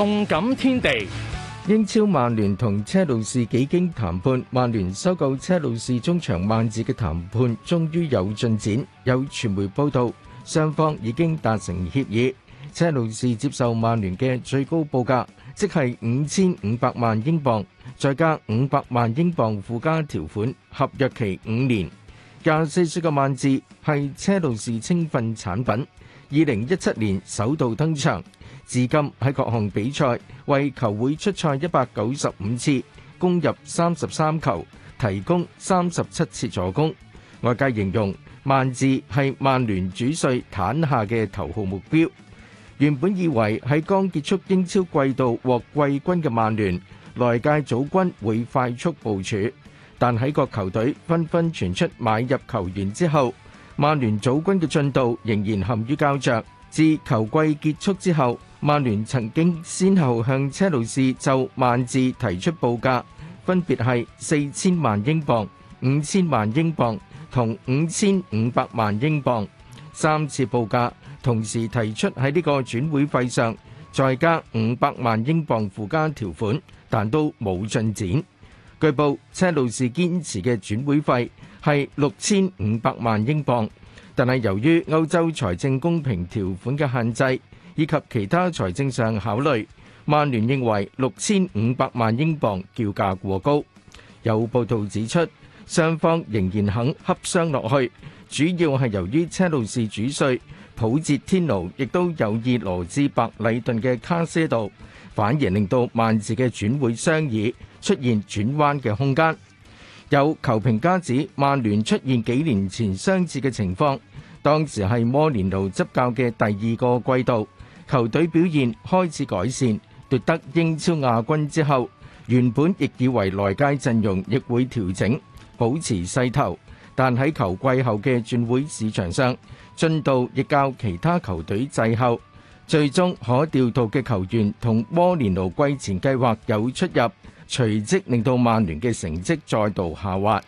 動感天地，英超曼聯同車路士幾經談判，曼聯收購車路士中場曼治嘅談判終於有進展。有傳媒報道，雙方已經達成協議，車路士接受曼聯嘅最高報價，即係五千五百萬英鎊，再加五百萬英鎊附加條款，合約期五年。廿四歲嘅曼治係車路士青訓產品。二零一七年首度登場，至今喺各項比賽為球會出賽一百九十五次，攻入三十三球，提供三十七次助攻。外界形容曼治係曼聯主帥攤下嘅頭號目標。原本以為喺剛結束英超季度獲季軍嘅曼聯，來屆組軍會快速部署，但喺各球隊紛紛傳出買入球員之後，曼聯組軍嘅進度仍然陷於膠着。自球季結束之後，曼聯曾經先後向車路士就曼治提出報價，分別係四千萬英鎊、五千萬英鎊同五千五百萬英鎊三次報價，同時提出喺呢個轉會費上再加五百萬英鎊附加條款，但都冇進展。據報，車路士堅持嘅轉會費係六千五百萬英鎊，但係由於歐洲財政公平條款嘅限制以及其他財政上考慮，曼聯認為六千五百萬英鎊叫價過高。有報導指出，雙方仍然肯洽商落去，主要係由於車路士主帥普捷天奴亦都有意羅致白禮頓嘅卡斯道，反而令到曼治嘅轉會商議。出現轉彎嘅空間，有球評家指曼聯出現幾年前相似嘅情況。當時係摩連奴執教嘅第二個季度，球隊表現開始改善，奪得英超亞軍之後，原本亦以為來屆陣容亦會調整，保持勢頭。但喺球季後嘅轉會市場上，進度亦較其他球隊滯後，最終可調度嘅球員同摩連奴季前計劃有出入。隨即令到曼聯嘅成績再度下滑。